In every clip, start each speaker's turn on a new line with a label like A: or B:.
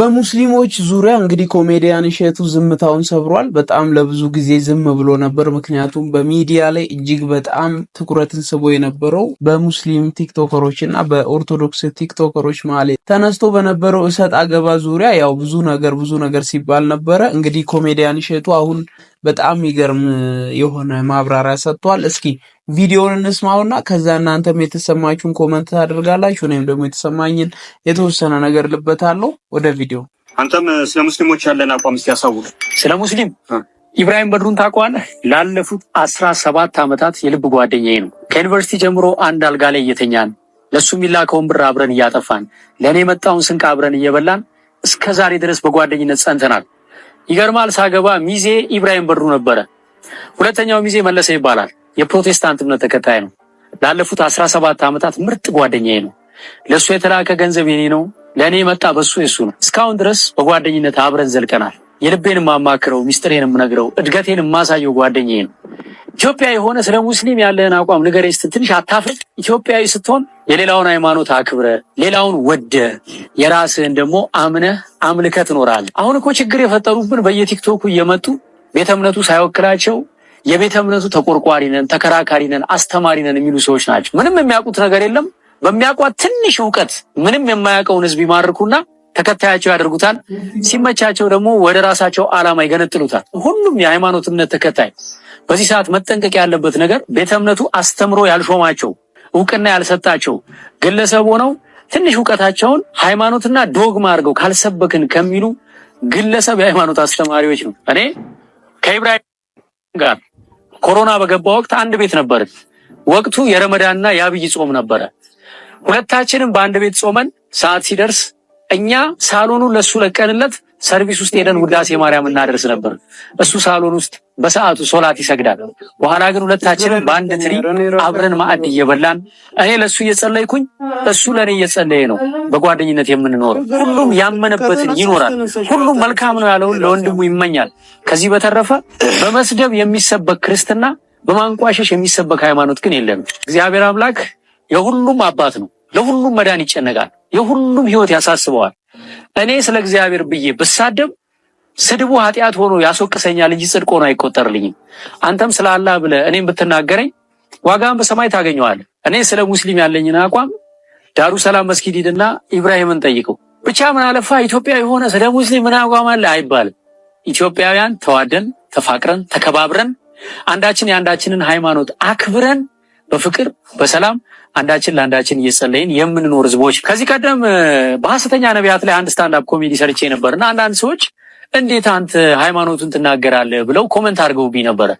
A: በሙስሊሞች ዙሪያ እንግዲህ ኮሜዲያን እሸቱ ዝምታውን ሰብሯል። በጣም ለብዙ ጊዜ ዝም ብሎ ነበር። ምክንያቱም በሚዲያ ላይ እጅግ በጣም ትኩረትን ስቦ የነበረው በሙስሊም ቲክቶከሮች እና በኦርቶዶክስ ቲክቶከሮች ማለት ተነስቶ በነበረው እሰጥ አገባ ዙሪያ ያው ብዙ ነገር ብዙ ነገር ሲባል ነበረ። እንግዲህ ኮሜዲያን እሸቱ አሁን በጣም የሚገርም የሆነ ማብራሪያ ሰጥቷል። እስኪ ቪዲዮውን እንስማውና ከዛ እናንተም የተሰማችሁን ኮመንት ታደርጋላችሁ። እኔም ደግሞ የተሰማኝን የተወሰነ ነገር ልበታለሁ። ወደ ቪዲዮ።
B: አንተም ስለ ሙስሊሞች ያለን አቋም ሲያሳውቅ
A: ስለ ሙስሊም ኢብራሂም በድሩን ታውቀዋለህ? ላለፉት አስራ ሰባት ዓመታት የልብ ጓደኛዬ ነው። ከዩኒቨርሲቲ ጀምሮ አንድ አልጋ ላይ እየተኛን ለእሱ የሚላከውን ብር አብረን እያጠፋን ለእኔ የመጣውን ስንቅ አብረን እየበላን እስከ ዛሬ ድረስ በጓደኝነት ጸንተናል። ይገርማል። ሳገባ ሚዜ ኢብራሂም በሩ ነበረ። ሁለተኛው ሚዜ መለሰ ይባላል። የፕሮቴስታንት እምነት ተከታይ ነው። ላለፉት 17 ሰባት ዓመታት ምርጥ ጓደኛዬ ነው። ለእሱ የተላከ ገንዘብ የኔ ነው፣ ለእኔ የመጣ በሱ የሱ ነው። እስካሁን ድረስ በጓደኝነት አብረን ዘልቀናል። የልቤን የማማክረው ሚስጥሬን የምነግረው እድገቴን የማሳየው ጓደኛዬ ነው። ኢትዮጵያ የሆነ ስለ ሙስሊም ያለህን አቋም ንገሬ ስትል ትንሽ አታፍር ኢትዮጵያዊ ስትሆን የሌላውን ሃይማኖት አክብረ ሌላውን ወደ የራስህን ደግሞ አምነህ አምልከ ትኖራል። አሁን እኮ ችግር የፈጠሩብን በየቲክቶኩ እየመጡ ቤተ እምነቱ ሳይወክላቸው የቤተ እምነቱ ተቆርቋሪ ነን፣ ተከራካሪ ነን፣ አስተማሪ ነን የሚሉ ሰዎች ናቸው። ምንም የሚያውቁት ነገር የለም። በሚያውቋት ትንሽ እውቀት ምንም የማያውቀውን ህዝብ ይማርኩና ተከታያቸው ያደርጉታል። ሲመቻቸው ደግሞ ወደ ራሳቸው ዓላማ ይገነጥሉታል። ሁሉም የሃይማኖት እምነት ተከታይ በዚህ ሰዓት መጠንቀቅ ያለበት ነገር ቤተ እምነቱ አስተምሮ ያልሾማቸው እውቅና ያልሰጣቸው ግለሰብ ሆነው ትንሽ እውቀታቸውን ሃይማኖትና ዶግማ አድርገው ካልሰበክን ከሚሉ ግለሰብ የሃይማኖት አስተማሪዎች ነው። እኔ ከኢብራሂም ጋር ኮሮና በገባ ወቅት አንድ ቤት ነበር ወቅቱ የረመዳንና የአብይ ጾም ነበረ። ሁለታችንም በአንድ ቤት ጾመን ሰዓት ሲደርስ እኛ ሳሎኑን ለሱ ለቀንለት ሰርቪስ ውስጥ ሄደን ውዳሴ ማርያም እናደርስ ነበር። እሱ ሳሎን ውስጥ በሰዓቱ ሶላት ይሰግዳል። በኋላ ግን ሁለታችንም በአንድ ትሪ አብረን ማዕድ እየበላን እኔ ለእሱ እየጸለይኩኝ እሱ ለእኔ እየጸለየ ነው በጓደኝነት የምንኖረው። ሁሉም ያመነበትን ይኖራል። ሁሉም መልካም ነው ያለውን ለወንድሙ ይመኛል። ከዚህ በተረፈ በመስደብ የሚሰበክ ክርስትና፣ በማንቋሸሽ የሚሰበክ ሃይማኖት ግን የለም። እግዚአብሔር አምላክ የሁሉም አባት ነው። ለሁሉም መዳን ይጨነቃል። የሁሉም ህይወት ያሳስበዋል። እኔ ስለ እግዚአብሔር ብዬ ብሳደብ ስድቡ ኃጢአት ሆኖ ያስወቅሰኛል እንጂ ጽድቅ ሆኖ አይቆጠርልኝም። አንተም ስለ አላህ ብለ እኔም ብትናገረኝ ዋጋን በሰማይ ታገኘዋለህ። እኔ ስለ ሙስሊም ያለኝን አቋም ዳሩ ሰላም መስጊድ ሂድና ኢብራሂምን ጠይቀው። ብቻ ምን አለፋ ኢትዮጵያ የሆነ ስለ ሙስሊም ምን አቋም አለ አይባልም። ኢትዮጵያውያን ተዋደን፣ ተፋቅረን፣ ተከባብረን አንዳችን የአንዳችንን ሃይማኖት አክብረን በፍቅር በሰላም አንዳችን ለአንዳችን እየጸለይን የምንኖር ህዝቦች። ከዚህ ቀደም በሐሰተኛ ነቢያት ላይ አንድ ስታንዳፕ ኮሜዲ ሰርቼ ነበር እና አንዳንድ ሰዎች እንዴት አንተ ሃይማኖቱን ትናገራለህ ብለው ኮመንት አድርገውብኝ ነበረ።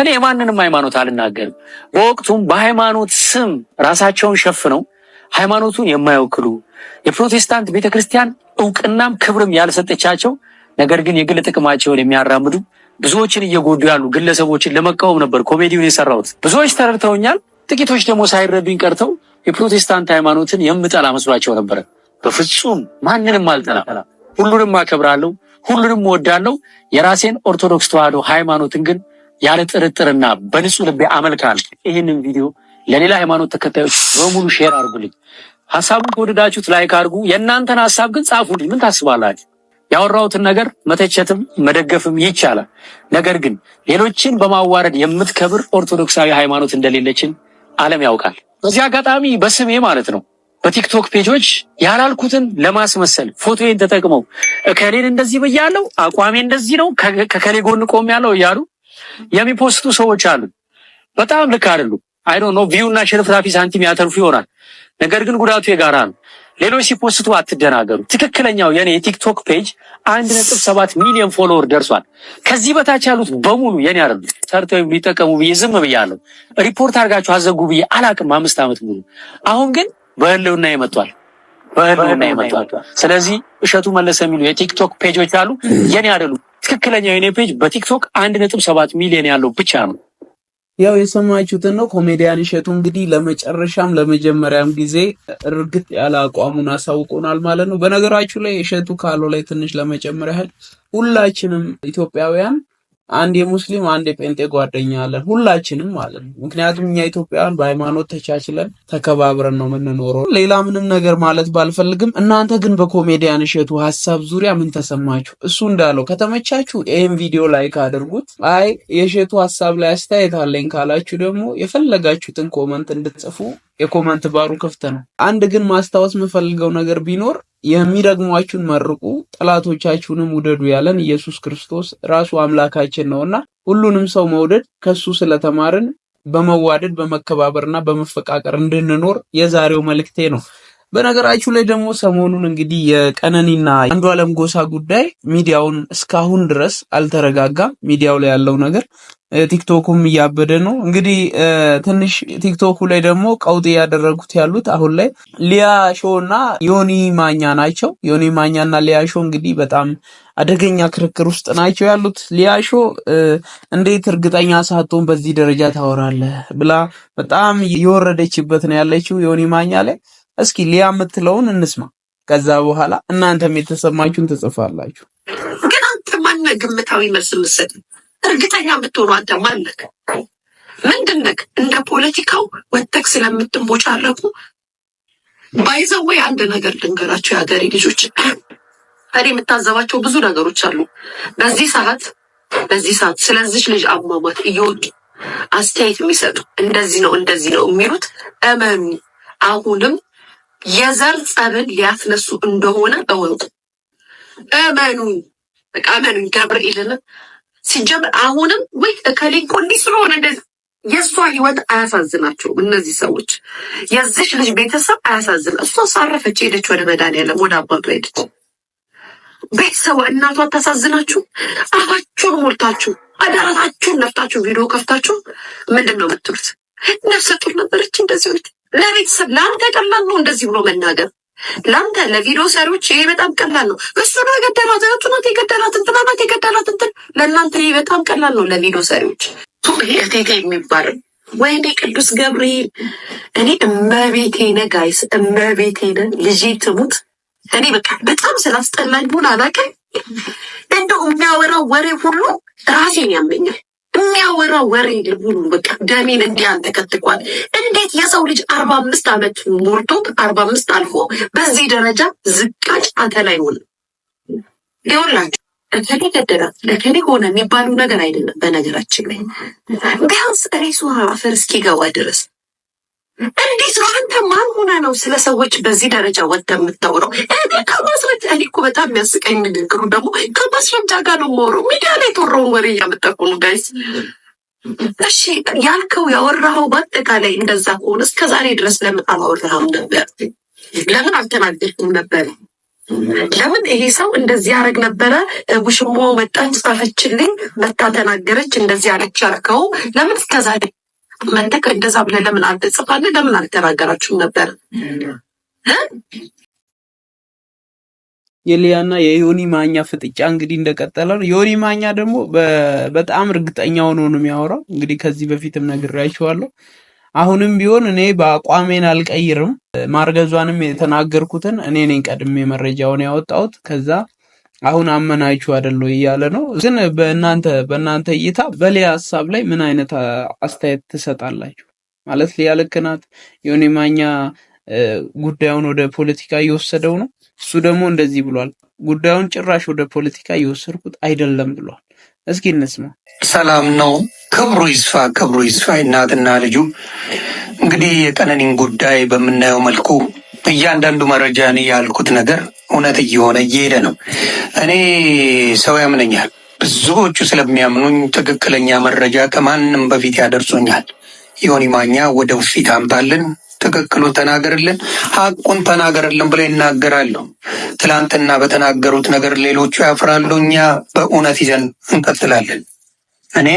A: እኔ የማንንም ሃይማኖት አልናገርም። በወቅቱም በሃይማኖት ስም ራሳቸውን ሸፍነው ሃይማኖቱን የማይወክሉ የፕሮቴስታንት ቤተክርስቲያን እውቅናም ክብርም ያልሰጠቻቸው ነገር ግን የግል ጥቅማቸውን የሚያራምዱ ብዙዎችን እየጎዱ ያሉ ግለሰቦችን ለመቃወም ነበር ኮሜዲውን የሰራሁት። ብዙዎች ተረድተውኛል። ጥቂቶች ደግሞ ሳይረዱኝ ቀርተው የፕሮቴስታንት ሃይማኖትን የምጠላ መስሏቸው ነበረ። በፍጹም ማንንም አልጠላ፣ ሁሉንም አከብራለሁ፣ ሁሉንም እወዳለሁ። የራሴን ኦርቶዶክስ ተዋህዶ ሃይማኖትን ግን ያለ ጥርጥርና በንጹህ ልቤ አመልካል። ይህንን ቪዲዮ ለሌላ ሃይማኖት ተከታዮች በሙሉ ሼር አድርጉልኝ። ሀሳቡን ከወደዳችሁት ላይክ አድርጉ። የእናንተን ሀሳብ ግን ጻፉልኝ። ምን ታስባላችሁ? ያወራሁትን ነገር መተቸትም መደገፍም ይቻላል። ነገር ግን ሌሎችን በማዋረድ የምትከብር ኦርቶዶክሳዊ ሃይማኖት እንደሌለችን ዓለም ያውቃል። በዚህ አጋጣሚ በስሜ ማለት ነው በቲክቶክ ፔጆች ያላልኩትን ለማስመሰል ፎቶዬን ተጠቅመው እከሌን እንደዚህ ብያለው፣ አቋሜ እንደዚህ ነው፣ ከከሌ ጎን ቆም ያለው እያሉ የሚፖስቱ ሰዎች አሉ። በጣም ልክ አይደሉ። አይዶ ነው ቪዩና ሽርፍራፊ ሳንቲም ያተርፉ ይሆናል። ነገር ግን ጉዳቱ የጋራ ነው። ሌሎች ሲፖስቱ አትደናገሩ። ትክክለኛው የኔ የቲክቶክ ፔጅ አንድ ነጥብ ሰባት ሚሊዮን ፎሎወር ደርሷል። ከዚህ በታች ያሉት በሙሉ የኔ አረዱ ሰርተው ሊጠቀሙ ብዬ ዝም ብያለሁ። ሪፖርት አድርጋችሁ አዘጉ ብዬ አላቅም አምስት ዓመት ሙሉ። አሁን ግን በህልውና ይመጧል፣ በህልውና ይመጧል። ስለዚህ እሸቱ መለሰ የሚሉ የቲክቶክ ፔጆች አሉ፣ የኔ አይደሉም። ትክክለኛው የኔ ፔጅ በቲክቶክ አንድ ነጥብ ሰባት ሚሊዮን ያለው ብቻ ነው። ያው የሰማችሁትን ነው። ኮሜዲያን እሸቱ እንግዲህ ለመጨረሻም ለመጀመሪያም ጊዜ እርግጥ ያለ አቋሙን አሳውቆናል ማለት ነው። በነገራችሁ ላይ እሸቱ ካሎ ላይ ትንሽ ለመጨመር ያህል ሁላችንም ኢትዮጵያውያን አንድ የሙስሊም አንድ የጴንጤ ጓደኛ አለን፣ ሁላችንም ማለት ነው። ምክንያቱም እኛ ኢትዮጵያውያን በሃይማኖት ተቻችለን ተከባብረን ነው የምንኖረው። ሌላ ምንም ነገር ማለት ባልፈልግም፣ እናንተ ግን በኮሜዲያን እሸቱ ሀሳብ ዙሪያ ምን ተሰማችሁ? እሱ እንዳለው ከተመቻችሁ ይህም ቪዲዮ ላይክ አድርጉት። አይ የእሸቱ ሀሳብ ላይ አስተያየት አለኝ ካላችሁ ደግሞ የፈለጋችሁትን ኮመንት እንድትጽፉ የኮመንት ባሩ ክፍት ነው። አንድ ግን ማስታወስ የምፈልገው ነገር ቢኖር የሚረግሟችሁን መርቁ፣ ጠላቶቻችሁንም ውደዱ ያለን ኢየሱስ ክርስቶስ ራሱ አምላካችን ነውና ሁሉንም ሰው መውደድ ከሱ ስለተማርን በመዋደድ በመከባበርና በመፈቃቀር እንድንኖር የዛሬው መልእክቴ ነው። በነገራችሁ ላይ ደግሞ ሰሞኑን እንግዲህ የቀነኒና አንዷለም ጎሳ ጉዳይ ሚዲያውን እስካሁን ድረስ አልተረጋጋም። ሚዲያው ላይ ያለው ነገር ቲክቶኩም እያበደ ነው። እንግዲህ ትንሽ ቲክቶኩ ላይ ደግሞ ቀውጥ እያደረጉት ያሉት አሁን ላይ ሾ እና ዮኒ ማኛ ናቸው። ዮኒ ማኛና ሊያሾ እንግዲህ በጣም አደገኛ ክርክር ውስጥ ናቸው ያሉት። ሊያሾ እንዴት እርግጠኛ ሳትሆን በዚህ ደረጃ ታወራለህ ብላ በጣም እየወረደችበት ነው ያለችው ዮኒ ማኛ ላይ እስኪ ሊያ የምትለውን እንስማ። ከዛ በኋላ እናንተም የተሰማችሁን ትጽፋላችሁ። ግን አንተ ማነ ግምታዊ መልስ ምሰጥ እርግጠኛ የምትሆኑ አንተ ማነህ? ምንድነህ? እንደ ፖለቲካው ወተክ ስለምትንቦጫረቁ ባይዘወ አንድ ነገር ልንገራቸው የሀገሬ ልጆች፣ እኔ የምታዘባቸው ብዙ ነገሮች አሉ። በዚህ ሰዓት በዚህ ሰዓት ስለዚች ልጅ አሟሟት እየወጡ አስተያየት የሚሰጡ እንደዚህ ነው እንደዚህ ነው የሚሉት እመኑ አሁንም የዘር ጸብን ሊያስነሱ እንደሆነ እወቁ። እመኑ በቃ እመኑኝ። ገብርኤልን ሲጀምር አሁንም ወይ እከሌ እኮ እንዲህ ስለሆነ እንደዚህ የእሷ ህይወት አያሳዝናቸውም። እነዚህ ሰዎች የዚሽ ልጅ ቤተሰብ አያሳዝና። እሷ ሳረፈች ሄደች፣ ወደ መድኃኒዓለም ወደ አባቷ ሄደች። ቤተሰቡ እናቷ ታሳዝናችሁ? አፋችሁን ሞልታችሁ አዳራታችሁን ነፍታችሁ ቪዲዮ ከፍታችሁ ምንድን ነው የምትሉት? ነፍሰ ጡር ነበረች እንደዚህ ለቤተሰብ ለአንተ ቀላል ነው እንደዚህ ብሎ መናገር። ለአንተ ለቪዲዮ ሰሪዎች ይሄ በጣም ቀላል ነው። እሱ ነው የገደላት፣ እሱ ናት የገደላት፣ እንትና ናት የገደላት፣ እንትን ለእናንተ ይሄ በጣም ቀላል ነው ለቪዲዮ ሰሪዎች። ቴቴ የሚባል ወይኔ ቅዱስ ገብርኤል እኔ እመቤቴ ነ ጋይስ እመቤቴ ነ ልጄ ትሙት። እኔ በቃ በጣም ስላስጠላኝ ሆን አላውቅም። እንደው የሚያወራው ወሬ ሁሉ ራሴን ያመኛል። የሚያወራ ወሬ ሙሉ በቃ ደሜን እንዲያንተከትኳል። እንዴት የሰው ልጅ አርባ አምስት ዓመት ሞልቶት አርባ አምስት አልፎ በዚህ ደረጃ ዝቃጭ አተላይ ሆነ ይሆንላችሁ እከሌ ገደላ እከሌ ሆነ የሚባሉ ነገር አይደለም። በነገራችን ላይ ቢያንስ ሬሱ አፈር እስኪገባ ድረስ እንዲህ ሰው አንተ ማን ሆነ ነው ስለ ሰዎች በዚህ ደረጃ ወደ የምታውረው? እኔ ከማስረጃ እኔ እኮ በጣም የሚያስቀኝ ንግግሩ ደግሞ ከማስረጃ ጋር ነው የማወራው። ሚዲያ ላይ የተወራውን ወሬ እያመጠቁ ነው ጋይስ። እሺ ያልከው ያወራኸው በአጠቃላይ እንደዛ ከሆነ እስከ ዛሬ ድረስ ለምን አላወራህም ነበር? ለምን አልተናገርኩም ነበር? ለምን ይሄ ሰው እንደዚህ ያደረግ ነበረ? ውሽሞ መጣች ጻፈችልኝ፣ መታ ተናገረች፣ እንደዚህ አለች ያልከው ለምን እስከ ዛሬ መንተክ እንደዛ ብለህ ለምን አልተጽፋለ ለምን አልተናገራችሁም ነበር? የሊያና የዮኒ ማኛ ፍጥጫ እንግዲህ እንደቀጠለ ነው። ዮኒ ማኛ ደግሞ በጣም እርግጠኛ ሆኖ ነው የሚያወራው። እንግዲህ ከዚህ በፊትም ነግሬያችኋለሁ። አሁንም ቢሆን እኔ በአቋሜን አልቀይርም። ማርገዟንም የተናገርኩትን እኔ ነኝ ቀድሜ መረጃውን ያወጣሁት። ከዛ አሁን አመናችሁ አይደለ እያለ ነው። ግን በእናንተ በእናንተ እይታ በሊያ ሀሳብ ላይ ምን አይነት አስተያየት ትሰጣላችሁ? ማለት ሊያ ልክ ናት? ማኛ ጉዳዩን ወደ ፖለቲካ እየወሰደው ነው። እሱ ደግሞ እንደዚህ ብሏል፣ ጉዳዩን ጭራሽ ወደ ፖለቲካ እየወሰድኩት አይደለም ብሏል። እስኪ እንስማ። ሰላም ነው። ክብሩ ይስፋ፣ ክብሩ ይስፋ። እናትና ልጁ እንግዲህ የቀነኒን ጉዳይ በምናየው መልኩ እያንዳንዱ መረጃ እኔ ያልኩት ነገር እውነት እየሆነ እየሄደ ነው። እኔ ሰው ያምነኛል። ብዙዎቹ ስለሚያምኑኝ ትክክለኛ መረጃ ከማንም በፊት ያደርሶኛል። ዮኒ ማኛ ወደ ፊት አምጣልን፣ ትክክሉን ተናገርልን፣ ሀቁን ተናገርልን ብለው ይናገራሉ። ትላንትና በተናገሩት ነገር ሌሎቹ ያፍራሉ። እኛ በእውነት ይዘን እንቀጥላለን። እኔ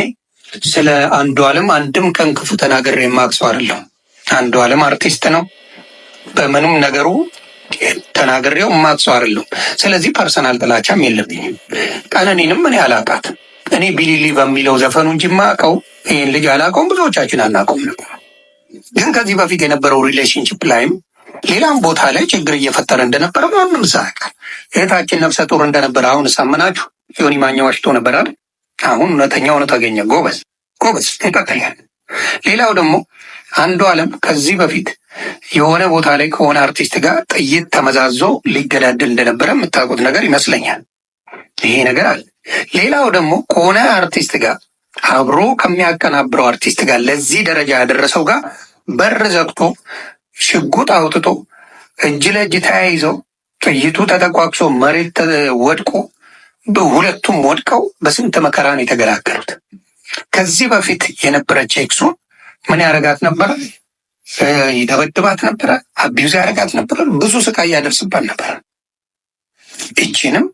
A: ስለ አንዱ አለም አንድም ቀን ክፉ ተናግሬ የማውቅ አይደለሁም። አንዱ አለም አርቲስት ነው። በምንም ነገሩ ተናግሬው የማትሰው አይደለም። ስለዚህ ፐርሰናል ጥላቻም የለብኝም። ቀነኒንም እኔ አላቃት እኔ ቢሊሊ በሚለው ዘፈኑ እንጂ ማቀው ይህን ልጅ አላቀውም። ብዙዎቻችን አናቀውም ነበር። ግን ከዚህ በፊት የነበረው ሪሌሽንሽፕ ላይም ሌላም ቦታ ላይ ችግር እየፈጠረ እንደነበረ ማንም ሳቅ እህታችን ነፍሰ ጡር እንደነበረ አሁን ሳምናችሁ ዮኒ ማኛ ዋሽቶ ነበር አይደል? አሁን እውነተኛ እውነት አገኘ። ጎበዝ ጎበዝ፣ እንቀጥላለን። ሌላው ደግሞ አንዱ አለም ከዚህ በፊት የሆነ ቦታ ላይ ከሆነ አርቲስት ጋር ጥይት ተመዛዞ ሊገዳደል እንደነበረ የምታውቁት ነገር ይመስለኛል። ይሄ ነገር አለ። ሌላው ደግሞ ከሆነ አርቲስት ጋር አብሮ ከሚያቀናብረው አርቲስት ጋር ለዚህ ደረጃ ያደረሰው ጋር በር ዘግቶ ሽጉጥ አውጥቶ እጅ ለእጅ ተያይዘው ጥይቱ ተጠቋቅሶ መሬት ወድቆ ሁለቱም ወድቀው በስንት መከራ ነው የተገላገሉት። ከዚህ በፊት የነበረች? ቼክሱን ምን ያደርጋት ነበረ? ይደበድባት ነበረ፣ አቢዩዝ ያደርጋት ነበረ፣ ብዙ ስቃይ ያደርስባት ነበረ። እቺንም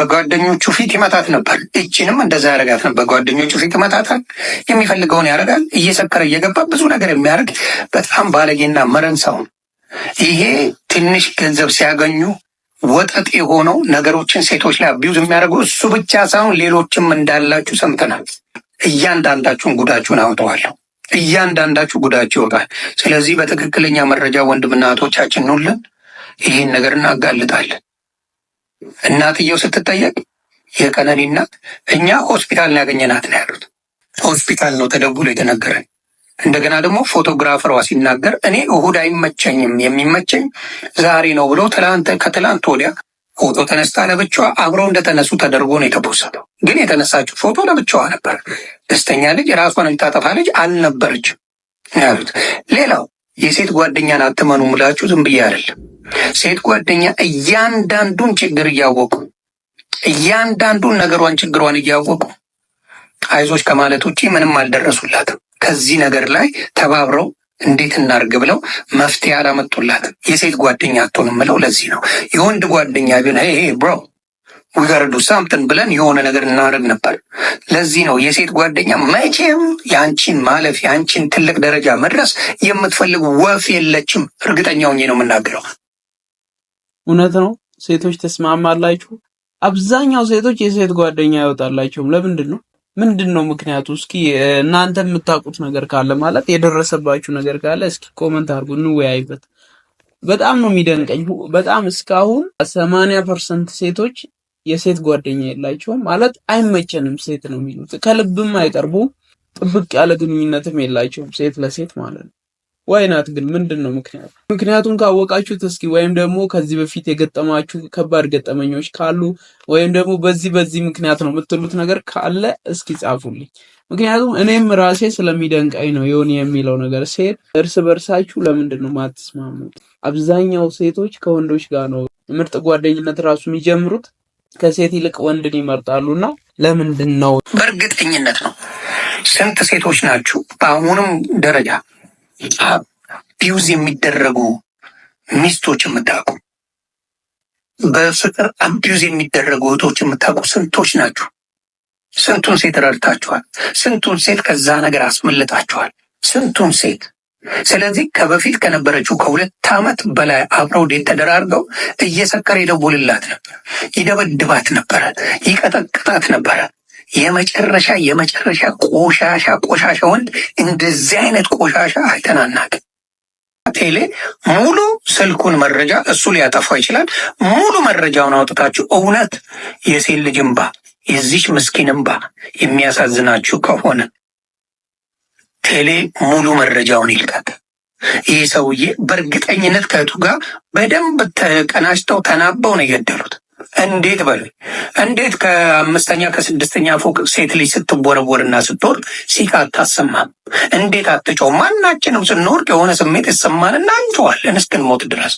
A: በጓደኞቹ ፊት ይመታት ነበር። እቺንም እንደዛ ያደርጋት ነበር። በጓደኞቹ ፊት ይመታታል፣ የሚፈልገውን ያደርጋል። እየሰከረ እየገባ ብዙ ነገር የሚያደርግ በጣም ባለጌና መረን ሰው ነው። ይሄ ትንሽ ገንዘብ ሲያገኙ ወጠጥ የሆነው ነገሮችን ሴቶች ላይ አቢዩዝ የሚያደርጉ እሱ ብቻ ሳይሆን ሌሎችም እንዳላችሁ ሰምተናል። እያንዳንዳችሁን ጉዳችሁን አውጠዋለሁ። እያንዳንዳችሁ ጉዳችሁ ይወጣል። ስለዚህ በትክክለኛ መረጃ ወንድምና እህቶቻችን ሁለን ይህን ነገር እናጋልጣለን። እናትየው ስትጠየቅ የቀነኒ እናት እኛ ሆስፒታል ነው ያገኘናት ነው ያሉት። ሆስፒታል ነው ተደውሎ የተነገረን። እንደገና ደግሞ ፎቶግራፈሯ ሲናገር እኔ እሁድ አይመቸኝም የሚመቸኝ ዛሬ ነው ብሎ ከትላንት ወዲያ ፎቶ ተነስታ ለብቻዋ አብረው እንደተነሱ ተደርጎ ነው የተፖሰተው። ግን የተነሳችው ፎቶ ለብቻዋ ነበር። ደስተኛ ልጅ ራሷን የምታጠፋ ልጅ አልነበረችም ያሉት። ሌላው የሴት ጓደኛን አትመኑ ምላችሁ ዝም ብዬ አይደለም። ሴት ጓደኛ እያንዳንዱን ችግር እያወቁ እያንዳንዱን ነገሯን ችግሯን እያወቁ አይዞች ከማለት ውጭ ምንም አልደረሱላትም። ከዚህ ነገር ላይ ተባብረው እንዴት እናርግ ብለው መፍትሄ አላመጡላት። የሴት ጓደኛ አትሆንም ብለው ለዚህ ነው። የወንድ ጓደኛ ቢሆን ይሄ ብሮ ዊጋርዱ ሳምትን ብለን የሆነ ነገር እናደርግ ነበር። ለዚህ ነው የሴት ጓደኛ መቼም የአንቺን ማለፍ የአንቺን ትልቅ ደረጃ መድረስ የምትፈልግ ወፍ የለችም። እርግጠኛ ሆኜ ነው የምናገረው። እውነት ነው። ሴቶች ተስማማላችሁ? አብዛኛው ሴቶች የሴት ጓደኛ አይወጣላቸውም። ለምንድን ነው? ምንድን ነው ምክንያቱ? እስኪ እናንተ የምታውቁት ነገር ካለ ማለት የደረሰባችሁ ነገር ካለ እስኪ ኮመንት አድርጉ፣ እንወያይበት። በጣም ነው የሚደንቀኝ። በጣም እስካሁን ሰማንያ ፐርሰንት ሴቶች የሴት ጓደኛ የላቸውም። ማለት አይመቸንም ሴት ነው የሚሉት፣ ከልብም አይቀርቡም፣ ጥብቅ ያለ ግንኙነትም የላቸውም ሴት ለሴት ማለት ነው። ዋይናት ግን ምንድን ነው ምክንያቱ? ምክንያቱም ካወቃችሁት እስኪ ወይም ደግሞ ከዚህ በፊት የገጠማችሁ ከባድ ገጠመኞች ካሉ ወይም ደግሞ በዚህ በዚህ ምክንያት ነው የምትሉት ነገር ካለ እስኪ ጻፉልኝ። ምክንያቱም እኔም ራሴ ስለሚደንቀኝ ነው የሆነ የሚለው ነገር ሴት እርስ በርሳችሁ ለምንድን ነው ማትስማሙት? አብዛኛው ሴቶች ከወንዶች ጋር ነው ምርጥ ጓደኝነት ራሱ የሚጀምሩት ከሴት ይልቅ ወንድን ይመርጣሉና ለምንድን ነው? በእርግጠኝነት ነው ስንት ሴቶች ናችሁ በአሁንም ደረጃ አቢዩዝ የሚደረጉ ሚስቶች የምታውቁ በፍቅር አቢዩዝ የሚደረጉ እህቶች የምታውቁ ስንቶች ናችሁ? ስንቱን ሴት ረድታችኋል? ስንቱን ሴት ከዛ ነገር አስመልጣችኋል? ስንቱን ሴት ስለዚህ ከበፊት ከነበረችው ከሁለት ዓመት በላይ አብረው ዴት ተደራርገው እየሰከረ ይደውልላት ነበር፣ ይደበድባት ነበረ፣ ይቀጠቅጣት ነበረ። የመጨረሻ የመጨረሻ ቆሻሻ ቆሻሻ ወንድ እንደዚህ አይነት ቆሻሻ አይተናናቅ። ቴሌ ሙሉ ስልኩን መረጃ እሱ ሊያጠፋ ይችላል። ሙሉ መረጃውን አውጥታችሁ እውነት የሴት ልጅ እንባ የዚች ምስኪን እንባ የሚያሳዝናችሁ ከሆነ ቴሌ ሙሉ መረጃውን ይልቀቅ። ይህ ሰውዬ በእርግጠኝነት ከእህቱ ጋር በደንብ ተቀናጅተው ተናበው ነው የገደሉት። እንዴት በሉኝ፣ እንዴት ከአምስተኛ ከስድስተኛ ፎቅ ሴት ልጅ ስትቦረቦርና ስትወርቅ ሲቃ አታሰማም? እንዴት አትጮው? ማናችንም ስንወርቅ የሆነ ስሜት ይሰማንና እንጮዋለን እስክንሞት ድረስ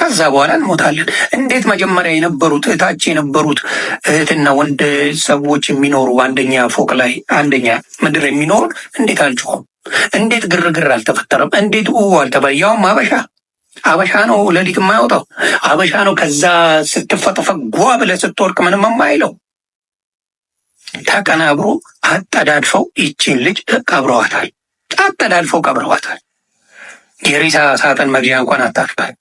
A: ከዛ በኋላ እንሞታለን። እንዴት መጀመሪያ የነበሩት እታች የነበሩት እህትና ወንድ ሰዎች የሚኖሩ አንደኛ ፎቅ ላይ አንደኛ ምድር የሚኖሩ እንዴት አልጮኸም? እንዴት ግርግር አልተፈጠረም? እንዴት ው አልተባለ ያውም አበሻ አበሻ ነው ለሊት የማያወጣው አበሻ ነው። ከዛ ስትፈጠፈጥ ጓ ብለህ ስትወርቅ ምንም የማይለው ተቀናብሮ አጠዳድፈው ይችን ልጅ ቀብረዋታል። አጠዳድፈው ቀብረዋታል። የሬሳ ሳጥን መግዣ እንኳን አታፍታል።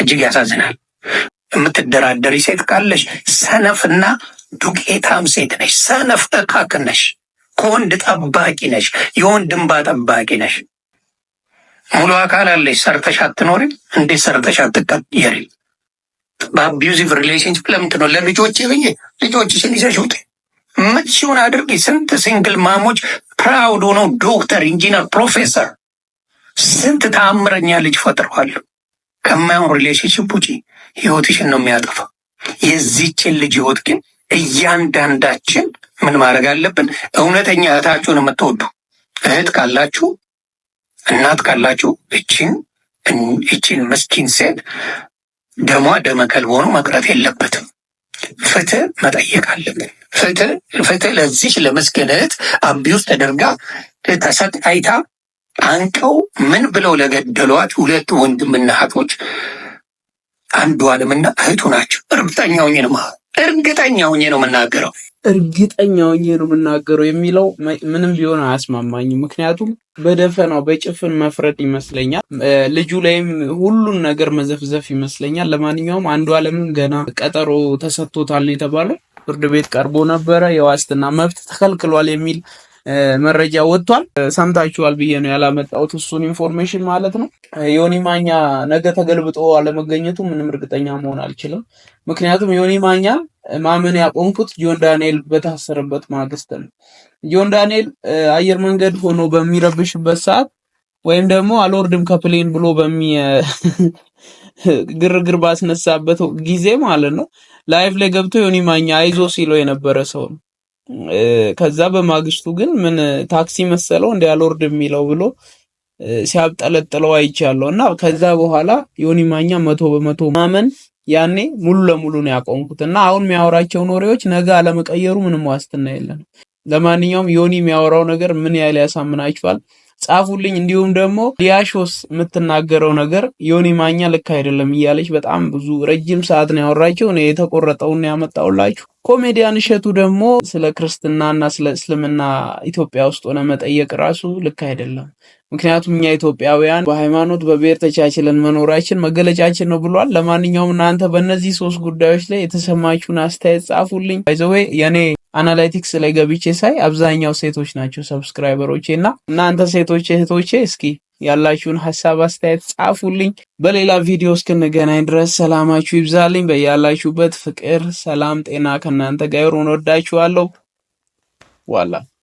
A: እጅግ ያሳዝናል። የምትደራደሪ ሴት ካለሽ ሰነፍና ዱቄታም ሴት ነሽ። ሰነፍ እካክ ነሽ። ከወንድ ጠባቂ ነሽ። የወንድ እንባ ጠባቂ ነሽ። ሙሉ አካል አለሽ፣ ሰርተሽ አትኖሪም። እንዴት ሰርተሽ አትቀየሪ? በአቢዩዚቭ ሪሌሽንሽፕ ለምት ነው ለልጆች ብዬ ልጆችሽን ይዘሽ ውጤ ምትሽውን አድርጊ። ስንት ሲንግል ማሞች ፕራውድ ሆነው ዶክተር፣ ኢንጂነር፣ ፕሮፌሰር ስንት ተአምረኛ ልጅ ፈጥረዋል። ከማይሆን ሪሌሽንሽፕ ውጪ ህይወትሽን ነው የሚያጠፋው። የዚችን ልጅ ህይወት ግን እያንዳንዳችን ምን ማድረግ አለብን? እውነተኛ እህታችሁን የምትወዱ እህት ካላችሁ እናት ካላችሁ እችን እችን ምስኪን ሴት ደሟ ደመከል ሆኖ መቅረት የለበትም። ፍትህ መጠየቅ አለብን። ፍትህ ፍትህ ለዚች ለምስኪን እህት አቢውስ ተደርጋ ተሰቃይታ አንቀው ምን ብለው ለገደሏት ሁለት ወንድምና እህቶች አንዱ አለምና እህቱ ናቸው። እርግጠኛ ሆኜ ነው እርግጠኛ ሆኜ ነው የምናገረው። እርግጠኛ ሆኜ ነው የምናገረው የሚለው ምንም ቢሆን አያስማማኝም። ምክንያቱም በደፈናው በጭፍን መፍረድ ይመስለኛል። ልጁ ላይም ሁሉን ነገር መዘፍዘፍ ይመስለኛል። ለማንኛውም አንዱ አለምን ገና ቀጠሮ ተሰጥቶታል የተባለው ፍርድ ቤት ቀርቦ ነበረ። የዋስትና መብት ተከልክሏል የሚል መረጃ ወጥቷል። ሰምታችኋል ብዬ ነው ያላመጣሁት እሱን ኢንፎርሜሽን ማለት ነው። ዮኒ ማኛ ነገ ተገልብጦ አለመገኘቱ ምንም እርግጠኛ መሆን አልችልም። ምክንያቱም ዮኒ ማኛ ማመን ያቆምኩት ጆን ዳንኤል በታሰረበት ማግስት ነው። ጆን ዳንኤል አየር መንገድ ሆኖ በሚረብሽበት ሰዓት ወይም ደግሞ አልወርድም ከፕሌን ብሎ በሚ ግርግር ባስነሳበት ጊዜ ማለት ነው ላይፍ ላይ ገብቶ ዮኒ ማኛ አይዞ ሲለው የነበረ ሰው ነው። ከዛ በማግስቱ ግን ምን ታክሲ መሰለው እንደ ያልወርድ የሚለው ብሎ ሲያብጠለጥለው አይቻለሁ። እና ከዛ በኋላ ዮኒ ማኛ መቶ በመቶ ማመን ያኔ ሙሉ ለሙሉ ነው ያቆምኩት። እና አሁን የሚያወራቸው ኖሬዎች ነገ አለመቀየሩ ምንም ዋስትና የለንም። ለማንኛውም ዮኒ የሚያወራው ነገር ምን ያህል ያሳምናችኋል? ጻፉልኝ። እንዲሁም ደግሞ ዲያሾስ የምትናገረው ነገር ዮኒ ማኛ ልክ አይደለም እያለች በጣም ብዙ ረጅም ሰዓት ነው ያወራቸው። እኔ የተቆረጠውን ያመጣውላችሁ። ኮሜዲያን እሸቱ ደግሞ ስለ ክርስትናና ስለ እስልምና ኢትዮጵያ ውስጥ ሆነ መጠየቅ ራሱ ልክ አይደለም፣ ምክንያቱም እኛ ኢትዮጵያውያን በሃይማኖት በብሔር ተቻችለን መኖራችን መገለጫችን ነው ብሏል። ለማንኛውም እናንተ በእነዚህ ሶስት ጉዳዮች ላይ የተሰማችሁን አስተያየት ጻፉልኝ። ባይዘዌ የኔ አናላይቲክስ ላይ ገብቼ ሳይ አብዛኛው ሴቶች ናቸው ሰብስክራይበሮቼ እና እናንተ ሴቶች እህቶቼ እስኪ ያላችሁን ሀሳብ አስተያየት ጻፉልኝ። በሌላ ቪዲዮ እስክንገናኝ ድረስ ሰላማችሁ ይብዛልኝ። በያላችሁበት ፍቅር፣ ሰላም፣ ጤና ከእናንተ ጋር ይሁን። ወዳችኋለሁ ዋላ